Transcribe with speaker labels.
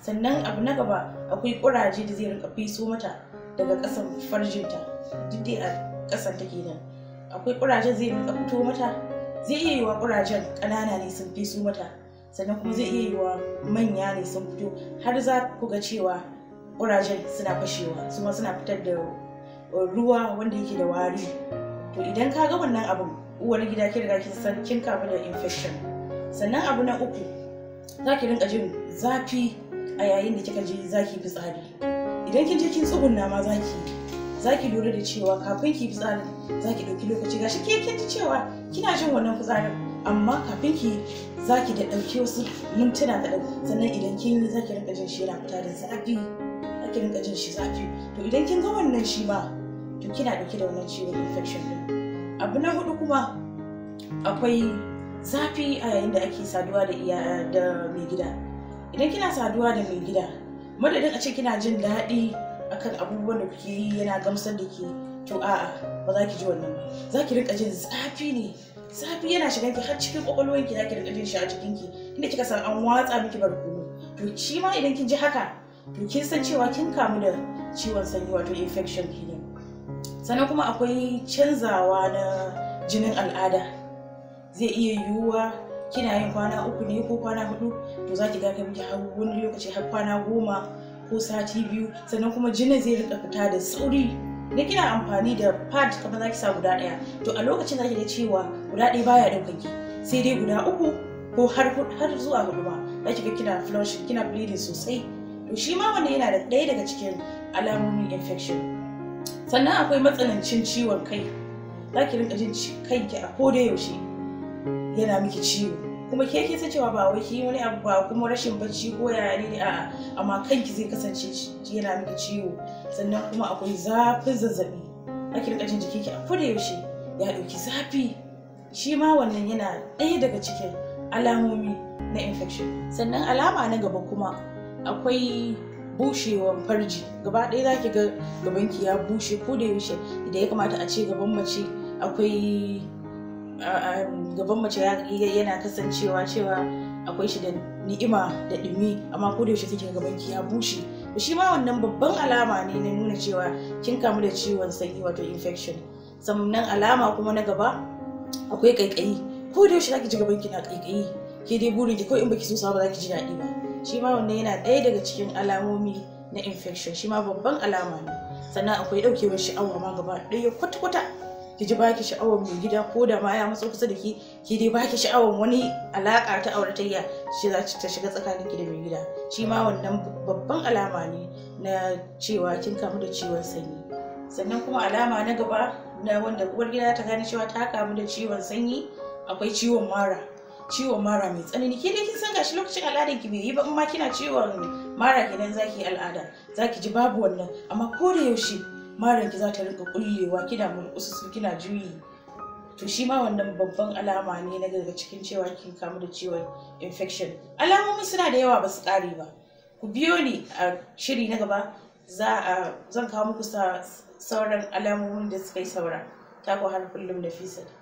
Speaker 1: sannan abu na gaba akwai kuraje da zai rinka feso mata daga ƙasan farjinta duk dai a ƙasan take nan akwai kurajen zai rinka fito mata zai iya yiwa kurajen ƙanana ne sun feso mata sannan kuma zai iya yiwa manya ne sun fito har za ku ga cewa kurajen suna fashewa su ma suna fitar da ruwa wanda yake da wari to idan ka ga wannan abin uwar gida ki riga kin san kin kamu da infection sannan abu na uku za ki rinka jin zafi a yayin da kika je zaki fitsari idan kin je kin tsugunna ma zaki zaki lura da cewa kafin ki fitsari zaki dauki lokaci gashi ke kin ji cewa kina jin wannan fitsarin amma kafin ki zaki da dauki wasu mintuna kaɗan sannan idan kin yi zaki rinka jin shi yana fita da zafi zaki rinka jin shi zafi to idan kin ga wannan shi ma to kina dauke da wannan ciwon infection din abu na hudu kuma akwai zafi a yayin da ake saduwa da iya da mai gida idan kina saduwa da mai gida madadin a ce kina jin daɗi akan abubuwan da kuke yi yana gamsar da ke to a'a ba za ki ji wannan ba za ki rika jin zafi ne zafi yana shiga ki har cikin ki za ki rika jin shi a cikin ki inda kika san an watsa miki barkono to shi ma idan kin ji haka to kin san cewa kin kamu da ciwon sanyi wato infection kenan sannan kuma akwai canzawa na jinin al'ada zai iya yiwuwa kina yin kwana uku ne ko kwana hudu to za ki ga kai miki har wani lokaci har kwana goma ko sati biyu sannan kuma jini zai rika fita da sauri Idan kina amfani da pad kamar za ki sa guda ɗaya to a lokacin za ki ga cewa guda ɗaya baya daukan ki sai dai guda uku ko har zuwa hudu ma za ki ga kina flush kina bleeding sosai to shi ma wannan yana da ɗaya daga cikin alamomin infection sannan akwai matsanancin ciwon kai za ki rinka jin kanki a koda yaushe yana miki ciwo kuma ke ke cewa ba wai ki wani abu ba kuma rashin bacci ko yare ne a amma kanki zai kasance yana miki ciwo sannan kuma akwai zafin zazzabi ake rika jin ke a kuda yaushe ya dauki zafi shi ma wannan yana ɗaya daga cikin alamomi na infection sannan alama na gaba kuma akwai bushewar farji gaba ɗaya zaki ga gabanki ya bushe ko da yaushe da ya kamata a ce gaban mace akwai gaban mace yana kasancewa cewa akwai shi da ni'ima da dumi amma ko da yaushe kike gaban ki ya bushe to shi ma wannan babban alama ne na nuna cewa kin kamu da ciwon sanyi wato infection sannan alama kuma na gaba akwai kaikayi ko da yaushe zaki ji gaban ki na kaikayi ke dai burin ki ko in baki so sa ba zaki ji daɗi ba shi ma wannan yana ɗaya daga cikin alamomi na infection shi ma babban alama ne sannan akwai ɗaukewar sha'awa ma gaba ɗaya kwata-kwata ki ji baki sha'awar mai gida ko da ma ya matso kusa da ki ki dai baki sha'awar wani alaka ta auratayya shi za ta shiga tsakanin ki da mai gida shi ma wannan babban alama ne na cewa kin kamu da ciwon sanyi sannan kuma alama na gaba na wanda uwar gida ta gane cewa ta kamu da ciwon sanyi akwai ciwon mara ciwon mara mai tsanani ke dai kin san gashi lokacin al'adar ki bai yi ba in kina ciwon mara kenan zaki al'ada zaki ji babu wannan amma ko da yaushe marar ki za ta rinka kullewa kina murƙususu kina juyi to shi ma wannan babban alama ne na daga cikin cewa kin kamu da ciwon infection alamomin suna da yawa ba su ƙare ba ku biyo ni a shiri na gaba za a zan kawo muku sauran alamomin da suka yi saura ta ku har kullum da fisa